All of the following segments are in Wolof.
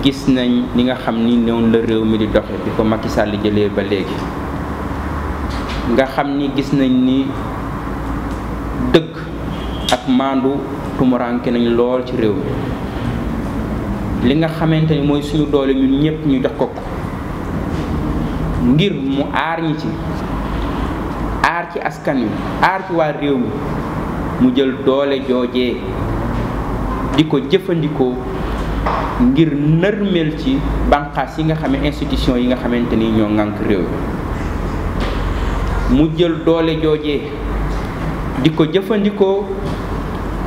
gis nañ li nga xam ni noonu la réew mi di doxe di ko Macky Sall jëlee ba léegi nga xam ni gis nañ ni dëkk ak maandu tumuranke nañ lool ci réew mi li nga xamante ni mooy suñu doole ñun ñëpp ñu jox ko ko ngir mu aar ñi ci aar ci askan wi aar ci waa réew mi mu jël doole joojee di ko jëfandikoo ngir nërmeel ci bànqaas yi nga xame institution yi nga xamante ni ñoo ŋànk mu jël doole joojee di ko jëfandikoo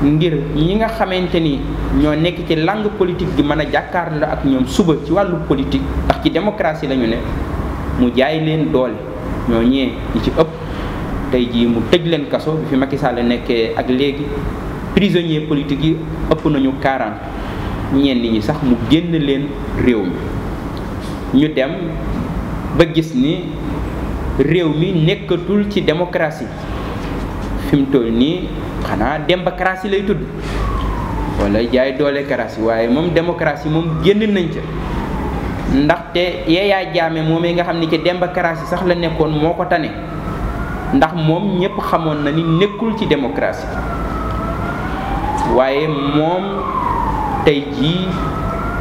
ngir ñi nga xamante ni ñoo nekk ci langue politique bi mën a jàkkaarloo ak ñoom suba ci wàllu politique ndax ci démocratie lañu ne mu jaay leen doole ñoo ñee ñi ci ëpp tey jii mu tëj leen kaso bi fi Macky nekkee ak léegi prisonnier politique yi ëpp nañu 40 ñenn ñi sax mu génn leen réew mi ñu dem ba gis ni réew mi nekkatul ci démocratie fim mu toll nii xanaa démocratie lay tudd wala jaay doole karasi waaye moom démocratie moom génn nañ ca ndaxte yeeyaa jaame moomee nga xam ni ci démocratie sax la nekkoon moo ko tane ndax moom ñëpp xamoon na ni nekkul ci démocratie waaye moom tey jii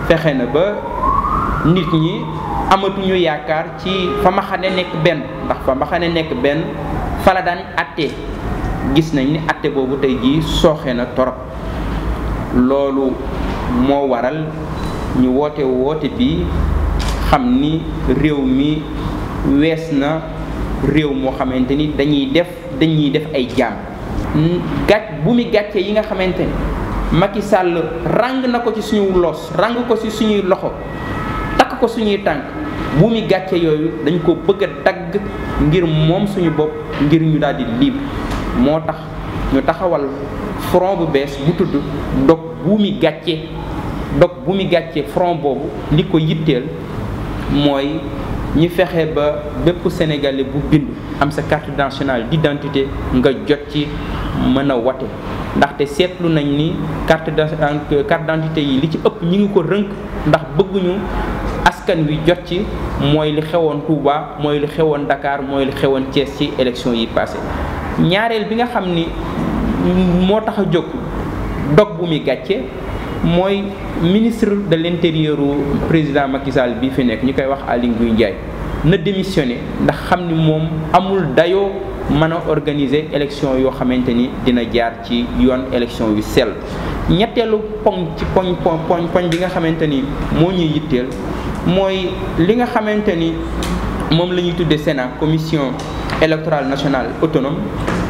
fexe na ba nit ñi amatuñu yaakaar ci fa ma xam ne nekk benn ndax fa ma xam ne nekk benn fala daan atte gis nañ ni atte boobu tey jii sooxe na torop loolu moo waral ñu woote woote bi xam ni réew mi wees na réew moo xamante ni dañuy def dañuy def ay jaam gàcc bu mi yi nga xamante ni Macky Sall ràng na ko ci suñu loos ràng ko ci suñuy loxo takk ko suñuy tànk bu mi gàcce yooyu dañ ko bëgg a dagg ngir moom suñu bopp ngir ñu daal di libre moo tax ñu taxawal front bu bees bu tudd dog buumi gàcce dog buumi gàcce front boobu li ko yitteel mooy ñu fexe ba bépp sénégalais bu bind am sa carte nationale d'identité nga jot ci mën a wate ndaxte seetlu nañ ni carte euh, carte d'identité yi li ci ëpp ñu ngi ko rënk ndax bëgguñu askan wi jot ci mooy li xewoon Touba mooy li xewoon ndakaar mooy li xewoon cees ci élection yi passé ñaareel bi nga xam ni moo tax a jóg dog bu muy gàcce mooy ministre de l'intérieur président Macky Sall bii fi nekk ñu koy wax Aly Ngouille Ndiaye na démissionné ndax xam ni moom amul dayoo mën organisé organiser élection yoo xamante ni dina jaar ci yoon élection yu sell ñetteelu poñ ci poñ poñ poñ bi nga xamante ni moo ñuy yitteel mooy li nga xamante ni moom la ñuy tuddee Sénat commission électorale nationale autonome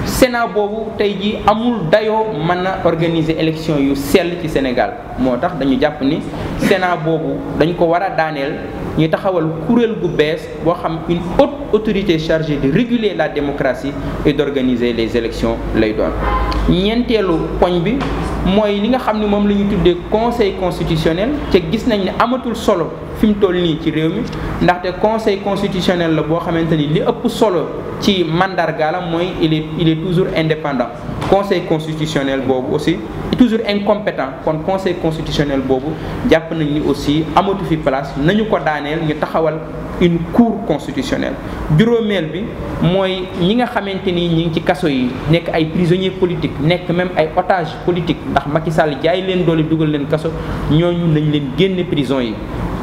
Sénat boobu tey jii amul dayoo mën a organiser élection yu sell ci Sénégal moo tax dañu jàpp ni Sénat boobu dañ ko war a daaneel ñu taxawal kuréel gu bees boo xam une haute autorité chargée de réguler la démocratie et d'organiser les élections lay doon ñeenteelu poñ bi mooy li nga xam ne moom la ñu tuddee conseil constitutionnel te gis nañ ne amatul solo fi mu toll nii ci réew mi ndaxte conseil constitutionnel la boo xamante ni li ëpp solo ci mandarga la mooy il est il est toujours indépendant conseil constitutionnel bobu aussi toujours incompétent kon conseil constitutionnel bobu japp nañ ni aussi amatu fi place nañu ko daaneel ñu taxawal une cour constitutionnelle juróomeel bi moy ñi nga xamanteni ñi ci kasso yi n'ek ay prisonniers politiques nek même ay otages politiques ndax Macky Sall jaay leen doli duggal leen kaso ñoñu nañ leen génne prison yi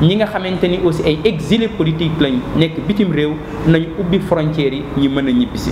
ñi nga xamanteni aussi ay exilés politiques lañ nek bitim réew nañ ubbi frontières yi ñi mëna ñibisi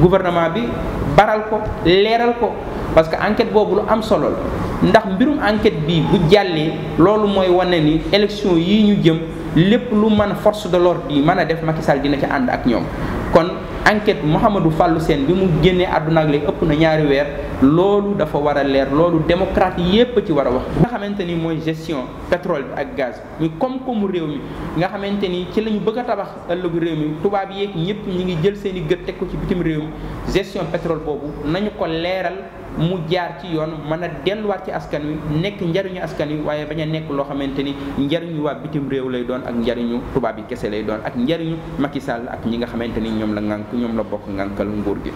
gouvernement bi baral ko leeral ko parce que enquête boobu lu am solo la ndax mbirum enquête bi bu jàllee loolu mooy wane ni élection yi ñu jëm lépp lu mën force de l'ordre yi mën a def Macky Sall dina ci ànd ak ñoom kon enquête Mouhamadou Fallou seen bi mu génnee àdduna ak léegi ëpp na ñaari weer loolu dafa war a leer loolu démocrate yépp ci war a wax nga xamante ni mooy gestion pétrole bi ak gaz ñu koom-koomu réew mi nga xamante ni ci la ñu bëgg a tabax ëllëgu réew mi tubaab yeeg ñëpp ñu ngi jël seen i gët teg ko ci bitim réew mi gestion pétrole boobu nañu ko leeral mu jaar ci yoon mën a delluwaat ci askan wi nekk njariñu askan wi waaye bañ a nekk loo xamante ni njariñu waa bitim réew lay doon ak njariñu tubaab yi kese lay doon ak njariñu Macky Sall ak ñi nga xamante ni ñoom la ngànk ñoom la bokk ngànkal nguur gi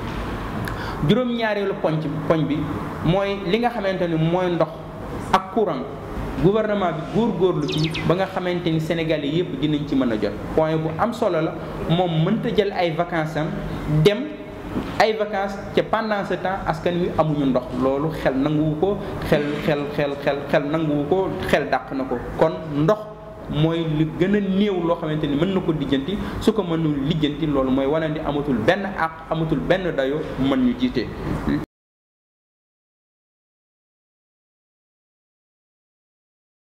juróom-ñaareelu ponc poñ bi mooy li nga xamante ni mooy ndox ak courant gouvernement bi góorgóorlu ci ba nga xamante ni sénégalais yëpp dinañ ci mën a jot point bu am solo la moom mënta jël ay vacances am dem ay vacances ca pendant temps askan wi amuñu ndox loolu xel nanguwu ko xel xel xel xel xel nanguwu ko xel dàq na ko kon ndox mooy li gën a néew loo xamante ni mën na ko lijjanti su ko mënul lijjanti loolu mooy wane ni amatul benn àq amatul benn dayo mën ñu jiite